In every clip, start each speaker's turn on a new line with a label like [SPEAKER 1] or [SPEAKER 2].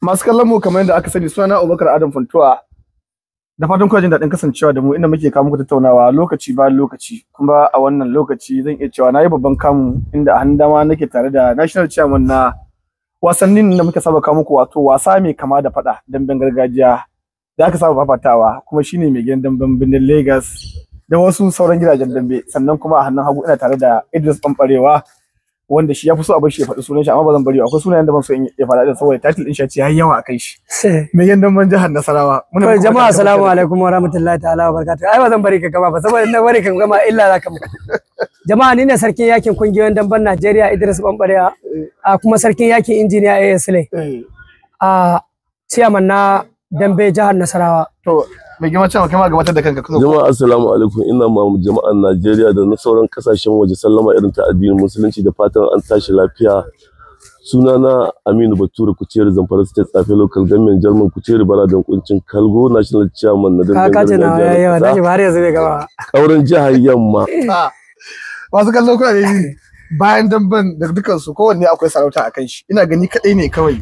[SPEAKER 1] Masu kallon mu kamar yadda aka sani suna Abubakar Adam Funtuwa. Da fatan kuna jin daɗin kasancewa da mu inda muke kawo muku tattaunawa lokaci ba lokaci kuma a wannan lokaci zan iya cewa na yi babban kamu inda a hannun dama nake tare da National Chairman na wasannin da muka saba kawo muku wato wasa mai kama da faɗa damben gargajiya da aka saba fafatawa kuma shine mai gidan damben birnin Lagos da wasu sauran gidajen dambe sannan kuma a hannun hagu ina tare da Idris Bambarewa wanda shi ya fi so a bashi shi ya faɗi sunan shi amma ba zan bari akwai sunayen da ban so in ya faɗa da saboda title din shi ya yi yawa a kai shi
[SPEAKER 2] me yan dan jihar Nasarawa muna ba jama'a assalamu alaikum wa rahmatullahi ta'ala wa barakatuh ai ba zan bari ka gama ba saboda na bari ka gama illa zaka mu jama'a ni ne sarkin yakin kungiyoyin damban Najeriya Idris Bambarewa a kuma sarkin yakin injiniya AS Sule eh. a chairman na dambe jihar Nasarawa to mai girma cewa kai ma gabatar da kanka
[SPEAKER 3] kuma jama'a assalamu alaikum ina ma jama'an Najeriya da na sauran kasashen waje sallama irin ta addinin musulunci da fatan an tashi lafiya sunana Aminu batura Kuciyar Zamfara State Tsafe Local Government German Kuciyar da Kuncin Kalgo National Chairman na Dangan Ka kace na yawa da shi
[SPEAKER 2] har yanzu bai gaba
[SPEAKER 3] kauran jihar Yamma
[SPEAKER 2] ah, masu kallon kuna ne
[SPEAKER 1] bayan damban da dukansu kowanne akwai sarauta a kan shi ina gani kadai ne kawai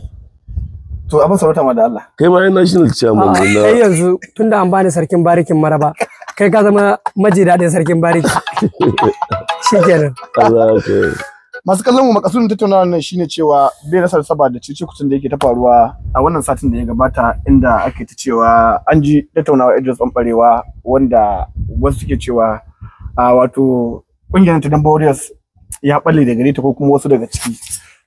[SPEAKER 3] To abin sarauta ma da Allah. Kai ma national chairman ne na. Kai
[SPEAKER 2] yanzu tunda an bani sarkin barikin maraba kai ka zama maji daɗin sarkin bariki. Shikenan.
[SPEAKER 3] Allah ke.
[SPEAKER 1] Masu kallon mu makasudin tattaunawa nan shine cewa bai rasa saba da cece kucin da yake ta faruwa a wannan satin da ya gabata inda ake ta cewa an ji tattaunawa Idris Ɓanɓarewa wanda wasu suke cewa a wato ƙungiyar Tidan ya balle da gare ta ko kuma wasu daga ciki.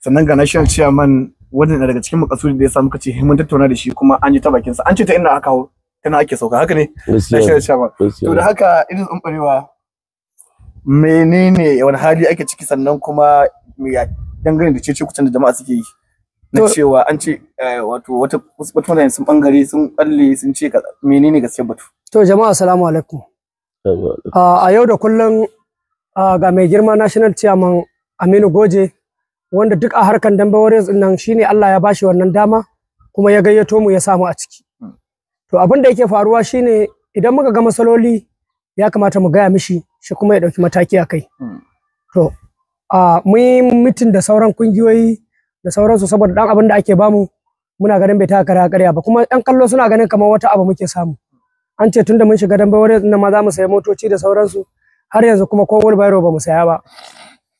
[SPEAKER 1] Sannan ga national chairman wannan daga cikin makasudi da ya samu kace mun tattauna da shi kuma an ji ta bakin sa an ce ta inda aka hau tana ake sauka haka ne to da haka irin tsumbarewa menene wani hali ake ciki sannan kuma ya dangane da cece kucin da jama'a suke yi na cewa an ce eh, wato wata mutane sun bangare sun balle sun ce menene gaskiya batu
[SPEAKER 2] to jama'a assalamu alaikum ah, a yau da kullum ah, ga mai girma national chairman Aminu Goje wanda duk a harkan dambe warriors din nan shine Allah ya bashi wannan dama kuma ya gayyato mu ya samu a ciki hmm. to abin da yake faruwa shine idan muka ga masaloli ya kamata mu gaya mishi shi kuma ya dauki mataki a kai hmm. to a mun yi mitin da sauran kungiyoyi da sauransu saboda dan abin da ake bamu muna ganin bai taka kara karya ba kuma ɗan kallo suna ganin kamar wata abu muke samu an ce tunda mun shiga dambe warriors din nan ma za mu sayi motoci da sauransu har yanzu kuma ko wheelbarrow ba mu saya ba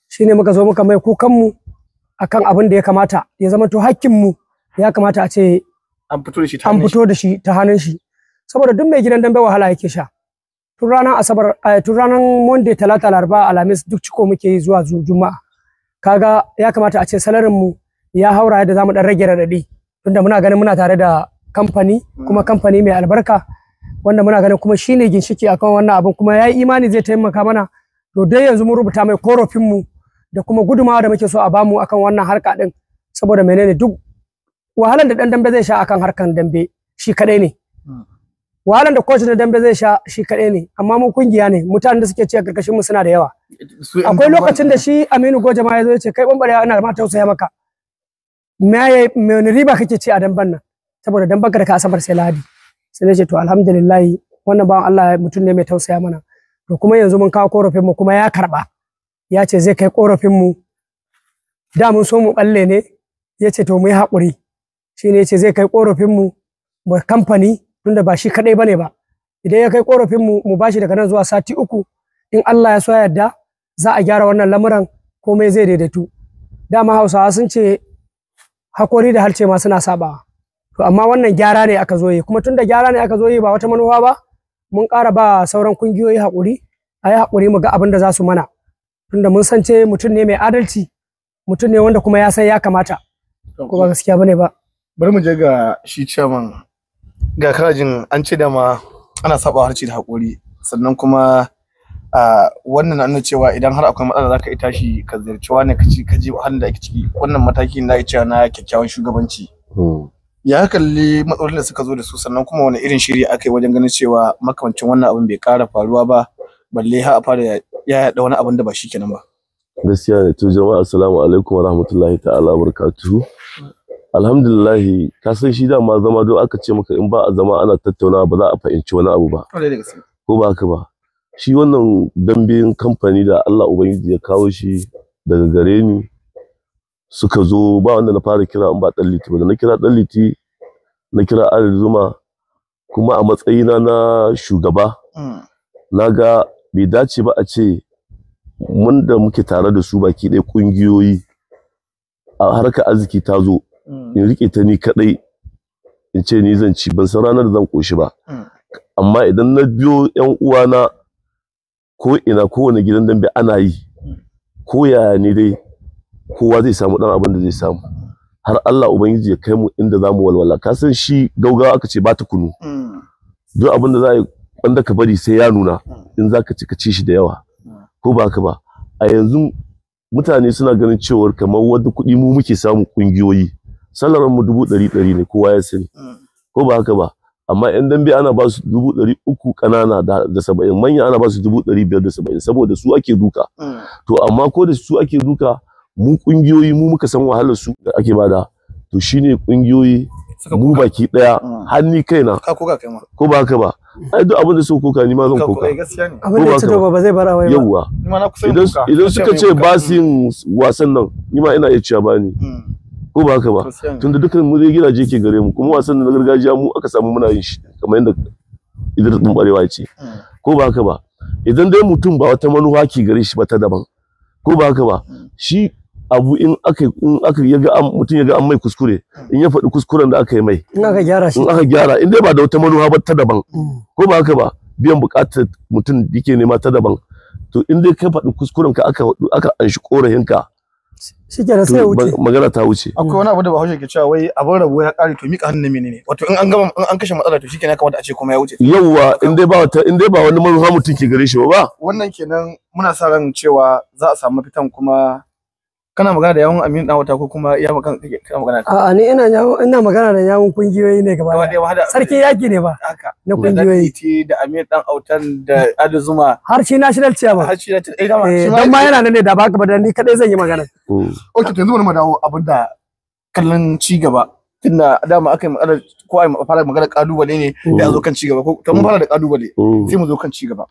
[SPEAKER 2] shine muka zo muka mai kukan mu akan abin da ya kamata ya zama to hakkin mu ya kamata a ce an fito da shi ta hannun shi saboda duk mai gidan dambe wahala yake sha tun ranar asabar eh, tun ranar monday talata laraba alhamis duk ciko muke yi zuwa juma'a kaga ya kamata a ce salarin mu ya haura yadda zamu dan rage radadi tunda muna ganin muna tare da kamfani kuma kamfani mai albarka wanda muna ganin kuma shine ginshiki akan wannan abin kuma yayi imani zai taimaka mana to dai yanzu mun rubuta mai korofin mu da kuma gudumawa da muke so a bamu akan wannan harka din saboda menene duk wahalan da dan dambe zai sha akan harkan dambe shi kadai ne hmm. wahalan da coach da dambe zai sha shi kadai ne amma mu kungiya ne mutanen da suke ci a karkashin mu suna da yawa akwai lokacin da shi Aminu goja ma ya zo ya ce kai bambare ina ma tausaya maka me me riba kake ci a damban nan saboda damban ka da ka asabar sai Ladi sai ce to alhamdulillah wannan ba Allah mutum ne mai tausaya mana to kuma yanzu mun kawo korafin mu kuma ya karba ya ce zai kai korafinmu da mun so mu balle ne ya ce to mu yi haƙuri shi ne ce zai kai korafinmu mu kamfani tunda ba shi kaɗai ba ne ba idan ya kai korafinmu mu ba shi daga nan zuwa sati uku in Allah ya so ya yarda za a gyara wannan lamuran komai zai daidaitu dama hausawa sun ce hakori da harce ma suna sabawa to amma wannan gyara ne aka zo yi kuma tunda gyara ne aka zo yi ba wata manufa ba mun ƙara ba sauran kungiyoyi hakuri a yi haƙuri mu ga abin da za su mana tunda mun san ce mutum ne mai adalci mutum ne wanda kuma ya san ya kamata ko ba gaskiya bane ba bari mu je
[SPEAKER 1] ga shi chairman ga kajin an ce da ma ana saba harci da hakuri sannan kuma a wannan na cewa idan har akwai matsala zaka ita shi ka ziyarci wani ka ci ka ji halin da ake ciki wannan matakin da ake na kyakkyawan shugabanci hmm. ya kalli matsalolin da suka zo da su sannan kuma wani irin shiri aka yi wajen ganin cewa makamancin wannan abin bai kara faruwa ba balle har a fara ya yaɗa wani abin da ba shi kenan ba
[SPEAKER 3] gaskiya ne to jama'a assalamu alaikum wa rahmatullahi ta'ala barakatuhu alhamdulillah ka san shi dama zama don aka ce maka in ba a zama ana tattaunawa ba za a fahimci wani abu ba ko ba haka ba shi wannan dambin kamfani da Allah ubangiji ya kawo shi daga gare ni suka zo ba wanda na fara kira in ba dan ba da na kira dan na kira Zuma, kuma a matsayina na shugaba mm. na ga bai dace ba a ce mun da muke tare da su baki ɗaya ƙungiyoyi a harkar arziki ta zo mm. in riƙe ta ni kaɗai in ce ni zan ci ban san ranar da zan ƙoshi ba mm. amma idan na biyo ƴan uwana ko ina kowane gidan dambe ana yi mm. ko yaya ne dai kowa zai samu ɗan abin da zai samu har Allah ubangiji ya kai mu inda za mu walwala ka san shi gaugawa aka ce ba ta kunu duk abin da za a yi wanda ka bari sai ya nuna in za ka ci ka ci shi da yawa hmm. ko ba ka ba a yanzu mutane suna ganin cewar kamar wadda kuɗi mu muke samu ƙungiyoyi salarin mu dubu ɗari ɗari ne kowa ya sani hmm. ko ba haka ba amma yan dambe ana ba su dubu ɗari uku ƙanana da saba'in manya ana ba su dubu ɗari biyar da saba'in saboda su ake duka hmm. to amma ko da su ake duka mu ƙungiyoyi mu muka san wahalar su da ake bada to shine ƙungiyoyi mu baki daya mm. har kai kaina ka koka kai ma ko ba ka ba ai duk abin da su koka ni ma zan koka eh, abin da ka ba zai bar awai yawa idan suka ce ba su yin wasan nan ni ma ina iya cewa ba ni mm. ko ba ka ba tunda dukkan mu dai gidaje ke gare mu kuma wasan na gargajiya mu aka samu muna yin shi kamar yadda idan din barewa ce mm. ko ba ka ba idan dai mutum ba wata manufa ke gare shi ba ta daban ko ba ka ba shi abu in aka in aka yaga mutum yaga an mai kuskure in ya faɗi kuskuren da aka yi mai in aka gyara shi in aka gyara in dai ba da wata manufa ba ta daban mm. ko ba haka ba biyan buƙatar mutum yake nema ta daban to in dai ka faɗi kuskuren ka aka aka anshi korahin ka
[SPEAKER 1] shi kenan sai wuce magana ta wuce akwai wani abu da bahaushe ke cewa wai abin rabo ya kare to mika hannun menene wato in an gama in an kashe matsala to shikenan ya kamata a ce kuma ya wuce
[SPEAKER 3] yawwa in dai ba wata in dai ba wani manufa mutum ke gare shi ba
[SPEAKER 1] wannan kenan muna sa ran cewa za a samu fitan kuma kana magana da yawun Aminu wata ko kuma iya magana kake kana magana
[SPEAKER 2] a'a ni ina yawun ina magana da yawun kungiyoyi ne gaba sarki yaki ne ba na kungiyoyi
[SPEAKER 1] da amin Dan Autan da aduzuma
[SPEAKER 2] har shi national chairman har
[SPEAKER 1] shi national eh, dan eh, ma yana
[SPEAKER 2] nan ne da baka ba dan ni kadai zan yi
[SPEAKER 1] magana mm. okay to yanzu mun dawo abinda kallon ci gaba tunda dama aka yi magana ko a fara magana kalubale ne mm. da yazo kan ci cigaba ko to mun fara da kalubale mm. sai mu zo kan cigaba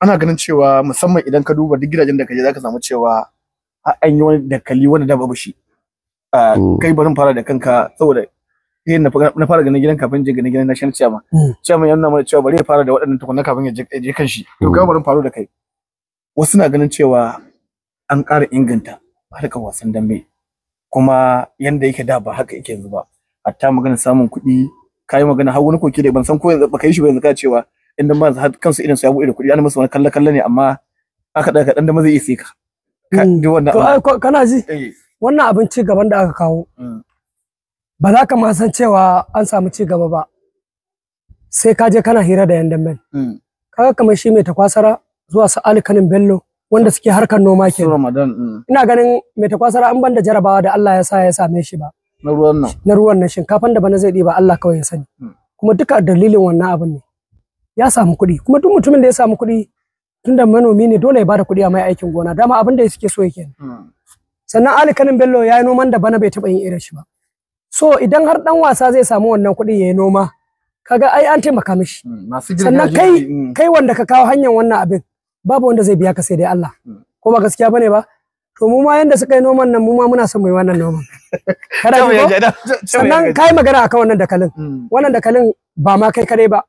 [SPEAKER 1] ana ganin cewa musamman idan ka duba duk gidajen da ka je zaka samu cewa har an yi wani dakali wanda da babu shi mm. kai barin fara da kanka saboda sai na fara ganin gidan kafin je ganin gidan na shan mm. ciyama ciyama yana mana cewa bari ya fara da waɗannan tukunna kafin ya je kan shi to ga mm. barin faru da kai wasu na ganin cewa an ƙara inganta harkar wasan dambe kuma yanda yake da ba haka yake yanzu ba hatta magana samun kuɗi kai magana har wani koke da ban san ko yanzu ba kai shi ba yanzu ka cewa inda ba kansu irin su ya buɗe da kuɗi an musu wani kalle kalle ne amma aka da ka dan da ma zai iya sai ka Mm.
[SPEAKER 2] kana ji eh. wannan abin ci gaban da aka kawo mm. ba za ka ma san cewa an samu ci gaba ba sai ka je kana hira da yan damben mm. kaga kamar shi mai takwasara zuwa su alikanin bello wanda suke harkar noma ke ina ganin mai takwasara an banda jarabawa da Allah ya sa ya same shi ba na ruwan nan na ruwan nan shinkafan da bana zai diba Allah kawai ya sani kuma duka dalilin wannan abin ne ya samu kuɗi kuma duk mutumin da ya samu kuɗi tunda manomi ne dole ya bada kuɗi a mai aikin gona dama abin da suke so yake sannan kanin bello ya yi noman da bana bai taɓa yin irin shi ba so idan har dan wasa zai samu wannan kuɗi ya yi noma kaga ai an taimaka mishi hmm, sannan kai hmm. kai wanda ka kawo hanyar wannan abin babu wanda zai biya ka sai dai Allah hmm. ko ba gaskiya bane ba to mu ma yanda suka yi noman nan mu ma muna son mu yi wannan noman sannan kai magana akan wannan dakalin wannan dakalin ba ma kai kare ba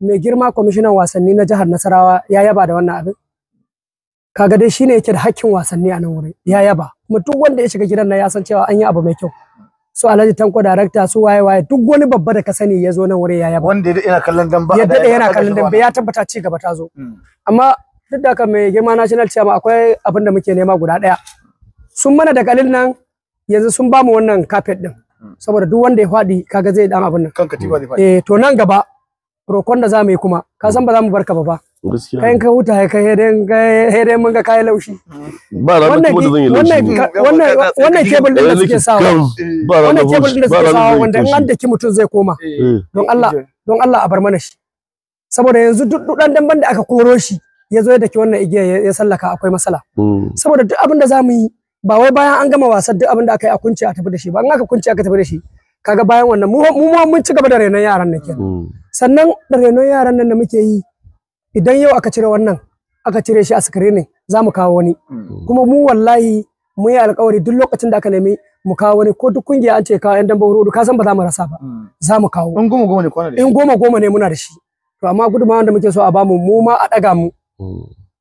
[SPEAKER 2] mai girma kwamishinan wasanni na jihar Nasarawa ya yaba da wannan abin kaga dai shine yake da hakkin wasanni a nan wurin ya yaba kuma duk wanda ya shiga gidan nan ya san cewa an yi abu mai kyau su Alhaji Tanko director su waye waye duk wani babba da ka sani ya zo nan wurin ya yaba wanda yana kallon ba. ya dade yana kallon damba ya tabbata ci gaba ta zo hmm. amma duk da haka mai girma national chairman akwai abin da muke nema guda daya sun mana da kalil nan yanzu sun ba mu wannan carpet din hmm. saboda duk wanda ya faɗi kaga zai dan abin nan kan katiba zai faɗi eh to nan gaba Rokon da za mu yi kuma ka san ba za mu barka ba ba kai ka huta kai dai mun ga kai laushi
[SPEAKER 3] ba ranar kuma da zan yi laushi wannan wannan kebul din da eh, suke sawa wannan cable din da suke sawa wanda an an
[SPEAKER 2] daki mutum zai koma eh, eh. don Allah don Allah a bar mana shi saboda yanzu duk dan damban da aka koro shi ya zo da daki wannan igiya ya sallaka akwai matsala hmm. saboda duk abin da za mu yi ba wai bayan an gama wasan duk abin da aka yi a kunce a tafi da shi ba an aka kunce aka tafi da shi kaga bayan wannan mu mu mun ci gaba da renon yaran nan kenan hmm. sannan renon yaran nan da muke yi idan yau aka cire wannan aka cire shi a ne za mu kawo wani mm. kuma mu wallahi mu yi alkawari duk lokacin da aka nemi mu kawo wani ko duk kungiya an ce kawo yan dambe hudu ka san ba za mu rasa ba mm. za mu kawo in goma goma ne kwana da shi in goma goma ne muna da shi to amma gudunmawar da muke so a bamu mu ma a daga mu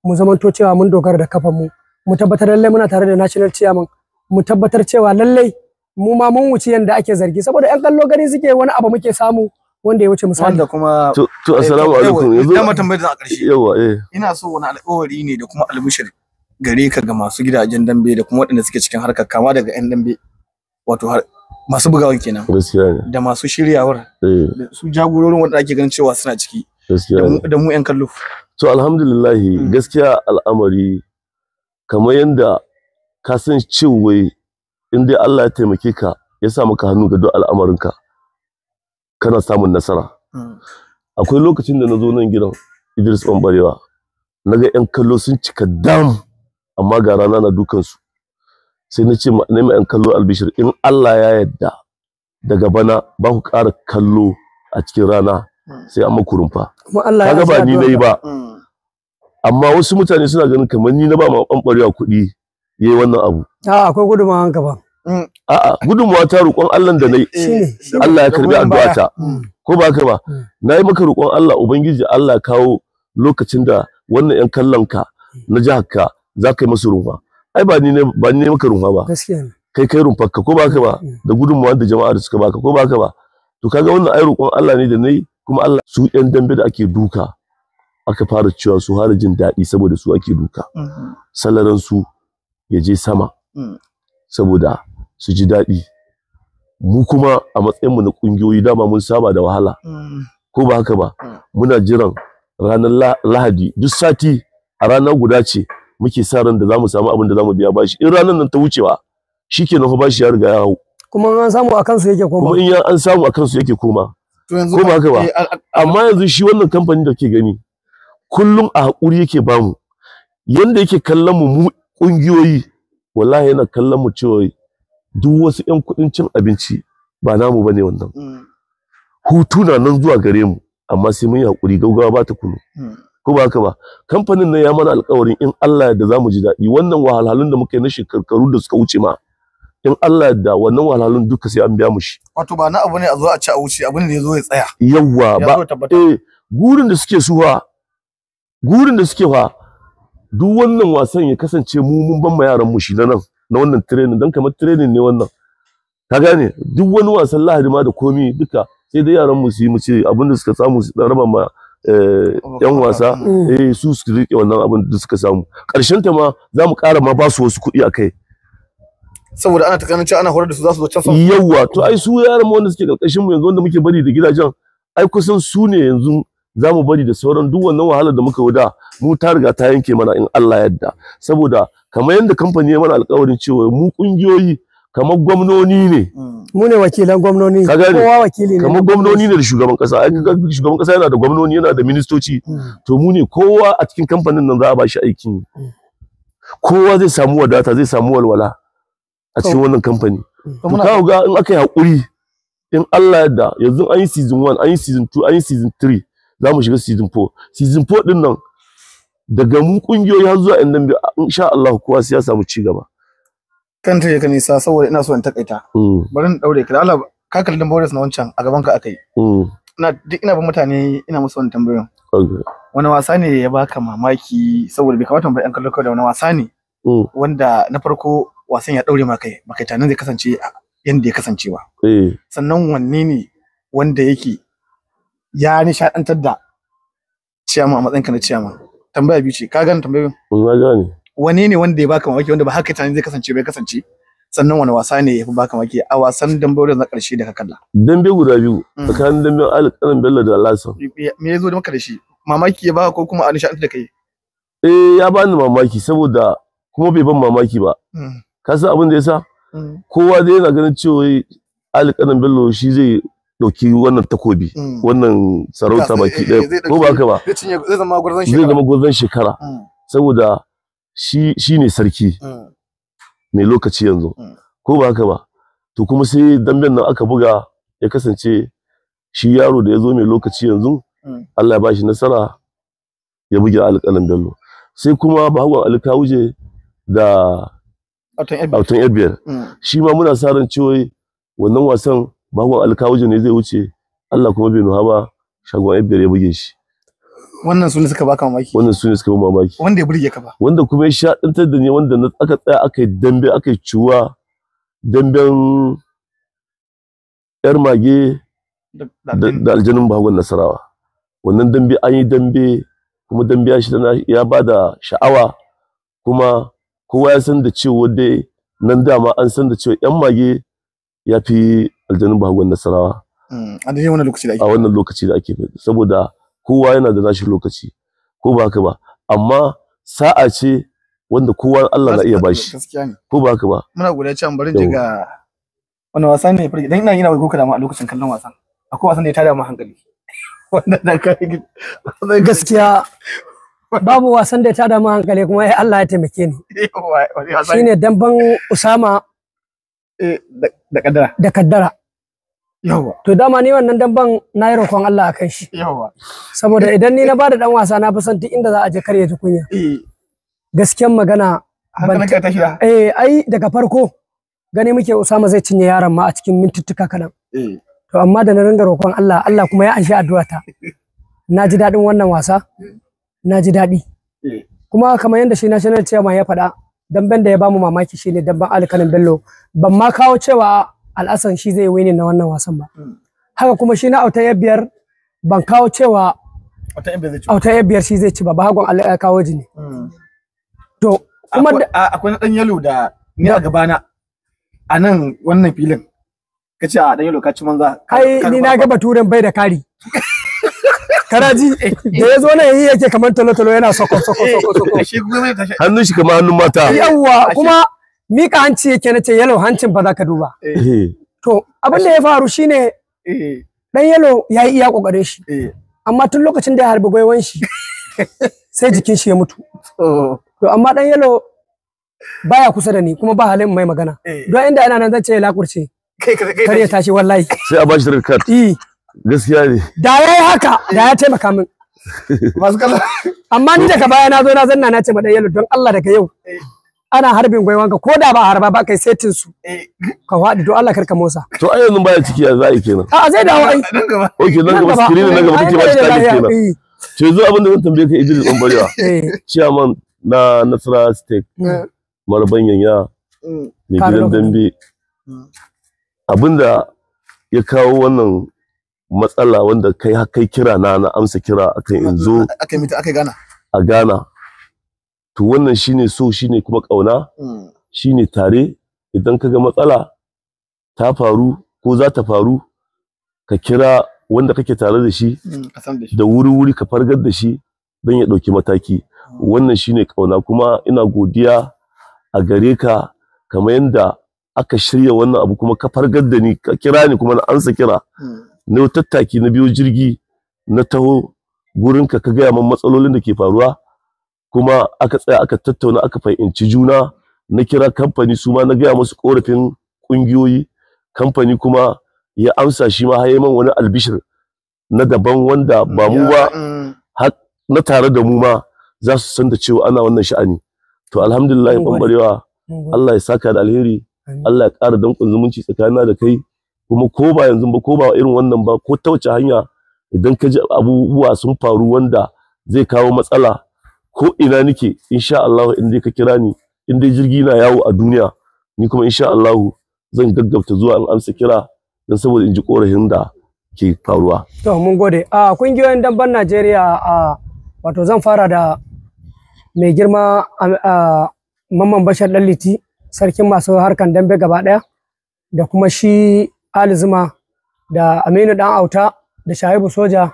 [SPEAKER 2] mu zamanto cewa mun dogara da kafan mu mu tabbatar lallai muna tare da national chairman mu tabbatar cewa lallai mu ma mun wuce yanda ake zargi saboda yan kallo gari suke wani abu muke samu wanda ya wuce misali wanda kuma to eh, assalamu alaikum
[SPEAKER 1] yanzu dama tambayar da a ƙarshe
[SPEAKER 3] yawa eh
[SPEAKER 2] ina
[SPEAKER 1] so wani alƙawari ne da kuma albishir gare ka ga masu gidajen dambe da kuma waɗanda suke cikin harkar kama daga ƴan dambe wato har masu bugawan kenan gaskiya ne da masu
[SPEAKER 3] shiryawar eh. da su jagororin wanda ake ganin cewa suna ciki da mu yan kallo to alhamdulillah hmm. gaskiya al'amari kamar yanda ka san cewa in dai Allah ya taimake ka ya sa maka hannu ga duk al'amarinka kana samun nasara akwai lokacin da na zo nan gidan Idris Bambarewa na ga 'yan kallo sun cika dam amma ga rana na dukansu sai na ce na mai 'yan kallo albishir in Allah ya yadda daga bana ba ku ƙara kallo a cikin rana sai an makurumfa kaga ba ni na ba mm. amma wasu mutane suna ganin kamar ni na ba ma ɓanɓarewa kuɗi yayi wannan abu
[SPEAKER 2] ah, akwai gudunmawa hanka ba
[SPEAKER 3] a'a gudunmawa ta roƙon Allah da nayi eh, Allah ya karbi addu'ata mm. ko ba ka ba mm. nayi maka roƙon Allah ubangiji Allah kawo lokacin da wannan yan kallon ka na jahakka za ka yi masu rumfa ai ba ni ne ba ni ne maka rumfa ba kai kai rumfar ka ko ba ka ba mm. da gudunmuwa da jama'a da suka baka ko ba ka ba to kaga wannan ai roƙon Allah ne da nayi kuma Allah su yan dambe da ake duka aka fara cewa su har jin daɗi saboda su ake duka mm-hmm. Salaransu ya je sama saboda su ji daɗi mu kuma a matsayinmu na ƙungiyoyi dama mun saba da wahala mm. ko ba haka ba mm. muna jiran ranar lahadi duk sati a ranar guda ce muke sa ran da za mu samu abin da za mu biya bashi in ranar nan ta wucewa shikenan fa bashi ya riga ya hau kuma
[SPEAKER 2] an samu a kansu yake koma kuma
[SPEAKER 3] in an samu a kansu yake koma ko ba haka ba eh, amma yanzu shi wannan kamfanin da ke gani kullum a hakuri yake bamu yanda yake kallon mu mu kungiyoyi wallahi yana kallon mu cewa duk wasu yan kuɗin cin abinci ba namu bane wannan mm. hutu na nan zuwa gare mu amma sai mun yi hakuri gaugawa ba ta kunu mm. ko ba haka ba kamfanin nan ya mana alƙawarin in Allah da zamu ji daɗi wannan wahalhalun da muka yi na shekaru da suka wuce ma in Allah da wannan wahalhalun duka sai an biya mu shi
[SPEAKER 1] wato ba na abu ne a zo a ci
[SPEAKER 3] a wuce abu ne da ya zo ya tsaya yawa ba eh gurin da suke suwa gurin da suke fa duk wannan wasan ya kasance mu mun ban ma yaran mu shi na nan na wannan training don kamar training ne wannan ka gane duk wani wasan lahadi ma da komi duka sai dai yaran mu su yi mu ce abinda da suka samu su raba ma eh, yan wasa eh su su rike wannan abin da suka samu karshen ta ma za mu ƙara ma ba su wasu kuɗi a kai
[SPEAKER 1] saboda ana takanin cewa ana horar da su za su zo can sama yawa to
[SPEAKER 3] ai su yaran mu wanda suke karkashin mu yanzu wanda muke bari da gidajen ai kusan su ne yanzu za mu bari da sauran duk wannan wahalar da muka da mu ta riga ta yanke mana in Allah yadda saboda kamar yadda kamfani ya mana alƙawarin cewa mu kungiyoyi kamar gwamnoni ne mu ne wakilan gwamnoni kowa wakili ne kamar gwamnoni ne da shugaban kasa shugaban kasa yana da gwamnoni yana da ministoci hmm. to mu ne kowa a cikin kamfanin nan za a ba shi aikin hmm. kowa zai samu wadata zai samu walwala a cikin wannan kamfani hmm. to ka ga in aka yi hakuri in Allah yadda yanzu an yi season 1 an yi season 2 an yi season 3 za mu shiga season 4 season 4 din nan daga mu kungiyoyi har zuwa inda dambe insha Allah kowa sai ya samu ci gaba
[SPEAKER 1] kan ta ka nisa saboda ina so in takaita mm. bari na daure ka Allah ka kalli dan bores na wancan a gaban ka akai mm. ina duk ina bin mutane ina musu wannan tambayoyin wani wasa ne ya baka mamaki saboda bai kamata mu bar yan kallo da wani wasa ne mm. wanda na farko wasan ya daure maka kai baka zai kasance yanda ya kasance ba eh. sannan wanne ne wanda yake ya nishaɗantar da ciyama a matsayinka na ciyama tambaya biyu ce ka gane tambayoyin na gane wane ne wanda ya baka mamaki wanda ba haka tani zai kasance bai kasance sannan wani wasa ne ya fi baka mamaki a wasan dambe na karshe da ka kalla
[SPEAKER 3] dambe guda biyu mm. tsakanin dambe alƙalan bello da alasan me ya zo da maka da shi mamaki ya baka ko kuma a nishadantar da kai eh ya bani mamaki saboda kuma bai ban mamaki ba mm. ka san abin da ya sa mm. kowa dai yana ganin cewa alƙalan bello shi zai ɗauki wannan takobi hmm. wannan sarauta baki eh, ɗaya eh, ko ba haka ba
[SPEAKER 1] zai zama
[SPEAKER 3] gwarzon shekara hmm. saboda shi ne sarki hmm. mai lokaci yanzu ko ba haka ba to kuma sai damben nan aka buga ya kasance shi yaro da ya zo mai lokaci yanzu Allah ya bashi nasara ya buge alƙalan bello sai kuma bahagon alkawuje da autan yarbiyar shi ma muna sa ran cewa wannan wasan bangon alkawuji ne zai wuce Allah kuma bai nuha ba shagon yan ya buge shi wannan sune suka baka mamaki wannan sune suka baka mamaki wanda ya burge ka ba wanda kuma ya shaɗantar da ni wanda na aka tsaya aka yi dambe aka yi ciwa damben yar mage da aljanin bagon nasarawa wannan dambe an yi dambe kuma dambe ya shi ya ba da sha'awa kuma kowa ya san da cewa dai nan dama an san da cewa yan mage ya fi aljanun bahagon nasarawa hmm, a daidai wannan lokaci da ake a wannan lokaci da ake saboda kowa yana da nashi lokaci ko ba haka ba amma sa'a ce wanda kowa Allah na iya bashi ko ba haka ba
[SPEAKER 1] muna gode cewa bari ji ga wannan wasan ne farki dan ina yana wai kuka da mu a lokacin kallon wasan
[SPEAKER 2] akwai wasan da ya tada mu hankali wannan da kai gaskiya babu wasan da ya tada mu hankali kuma ya Allah ya taimake ni shine damban Usama
[SPEAKER 1] eh, da kaddara da kaddara Yawwa!
[SPEAKER 2] To dama ni wannan damban na yi roƙon Allah a kan shi. Yawwa! Saboda idan ni na ba da ɗan wasa na fi son duk inda za a je kar ya ji eh. Gaskiyan magana. ka Eh ai daga farko gani muke Usama zai cinye yaron ma a cikin mintuttuka kaɗan. Eh. To amma da na ringa roƙon Allah Allah kuma ya anshi addu'a ta. Na ji daɗin wannan wasa. Na ji daɗi. Eh. Kuma kamar yadda shi national chairman ya faɗa damben da ya bamu mamaki shine damben alkalin bello ban ma kawo cewa al'asan shi zai wini na wannan wasan ba hmm. haka kuma shi na auta biyar ban kawo cewa auta biyar shi zai ci ba ba hagon Allah ya kawo jini hmm. to
[SPEAKER 1] kuma akwai na dan yalo da ni a gabana a nan wannan filin ka ce a dan yalo ka ci manza ai ni na
[SPEAKER 2] gaba turin bai da kari karaji eh. da ya zo nan yi yake kamar talo-talo yana sokon sokon sokon sokon
[SPEAKER 3] hannun shi kamar hannun mata yawwa kuma
[SPEAKER 2] mika hanci yake na ce yalo hancin ba za ka duba eh. to abin da ya faru shine dan eh. yalo ya yi iya kokarin shi eh. amma tun lokacin da ya harbi gwaiwan shi sai jikin shi ya mutu oh. to amma dan yalo baya kusa da ni kuma ba halin mai magana don inda ina nan zan ce ya lakurce kar ya tashi wallahi
[SPEAKER 3] sai a bashi red card e. gaskiya ne
[SPEAKER 2] da yayi haka da ya taimaka min amma ni daga baya na zo na zanna na ce ma dan yalo don Allah daga yau ana harbin gwaiwan ka ko da ba harba ba kai setin su eh. ka faɗi to Allah karka motsa
[SPEAKER 3] to ai yanzu baya ciki a zai kenan a zai dawo ai okay nan gaba screen nan gaba kike ba shi talis kenan to yanzu abin da zan tambaye ka Idris Bambarewa eh. chairman na Nasra State eh. marban yanya mm. mai gidan dambe mm. abinda ya kawo wannan matsala wanda kai kai kira na na amsa kira akan in zo akai mita akai gana a gana to wannan shine so shine kuma ƙauna hmm. shine tare idan kaga matsala ta faru ko za ta faru ka kira wanda kake tare da shi hmm, da wuri-wuri ka fargar da shi don ya ɗauki mataki hmm. wannan shine ƙauna kuma ina godiya a gare ka kamar yadda aka shirya wannan abu kuma ka fargar da ni ka kira ni kuma na ansa kira na tattaki na biyo jirgi na taho gurinka ka gaya min matsalolin da ke faruwa kuma aka tsaya aka tattauna aka fahimci juna na kira kamfani su ma na gaya musu korafin ƙungiyoyi kamfani kuma ya amsa shi ma har man wani albishir na daban wanda ba mu ba mm. na tare da mu ma za su san da cewa ana wannan sha'ani to alhamdulillah bambarewa Allah ya saka da alheri Allah ya ƙara dankon zumunci tsakanina da kai kuma ko ba yanzu ba ko ba irin wannan ba ko ta wace hanya idan ka ji abubuwa sun faru wanda zai kawo matsala ko ina nike insha Allah in dai ka kira ni in dai jirgi na yawo a duniya ni kuma insha Allah zan gaggabta zuwa in amsa kira dan saboda in ji korafin da ke faruwa.
[SPEAKER 2] To mun gode. A kungiyoyin damban Najeriya a wato zan fara da mai girma Mamman Bashar Dalliti sarkin masu harkan dambe gaba ɗaya da kuma shi Ali Zuma da Aminu Dan Auta da Shahibu Soja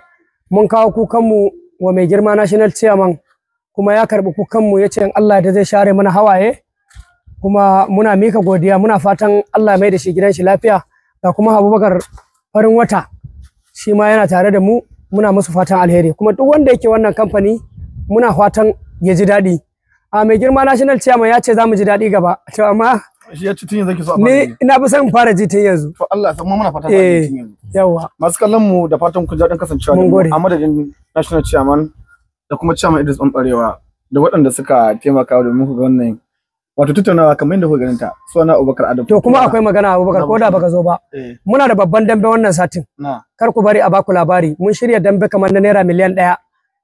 [SPEAKER 2] mun kawo kukanmu wa mai girma National Chairman kuma ya karbi kukanmu ya ce Allah da zai share mana hawaye kuma muna mika godiya muna fatan Allah mai da shi gidan shi lafiya ga kuma Abubakar farin wata shi ma yana tare da mu muna musu fatan alheri kuma duk wanda yake wannan kamfani muna fatan ya ji daɗi a mai girma national chairman ya ce za mu ji daɗi gaba to amma
[SPEAKER 1] shi ya ci tun yanzu so a ni
[SPEAKER 2] ina fi son fara ji tun yanzu
[SPEAKER 1] to Allah ya san muna fatan ba ji tun eh, yanzu
[SPEAKER 2] yawa masu
[SPEAKER 1] kallon mu da fatan ku ji daɗin kasancewa da mu a madadin national chairman da kuma Chairman Idris Ɓanɓarewa da waɗanda suka taimaka domin ku ga wannan wato tattaunawa kamar yadda kuka ganinta suna Abubakar Adam. To kuma akwai
[SPEAKER 2] magana Abubakar ko da baka zo ba. Eh. Muna da babban dambe wannan satin. Kar ku bari a baku labari mun shirya dambe kamar na naira miliyan ɗaya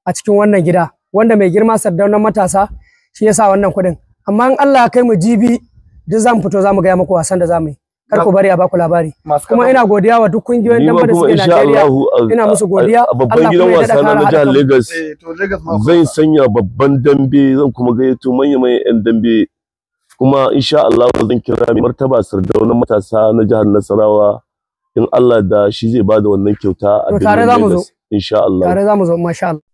[SPEAKER 2] a cikin wannan gida wanda mai girma sardaunan matasa shi yasa wannan kuɗin. Amma in Allah ya kai mu jibi duk zamu fito zamu mu gaya muku wasan da za mu yi. kar ku bari a baku labari kuma ina godiya wa duk kungiyoyin damba da suke Najeriya ina musu godiya babban gidan wasa na jihar Lagos eh,
[SPEAKER 3] zan sanya babban dambe zan kuma gayyato manya-manyan yan dambe kuma insha Allah zan kira mai martaba sardaunan matasa na jihar Nasarawa in Allah da shi zai bada wannan kyauta a Lagos insha Allah tare
[SPEAKER 2] za mu zo masha Allah